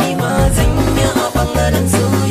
ni ma zan yi a ɓangaren soyayya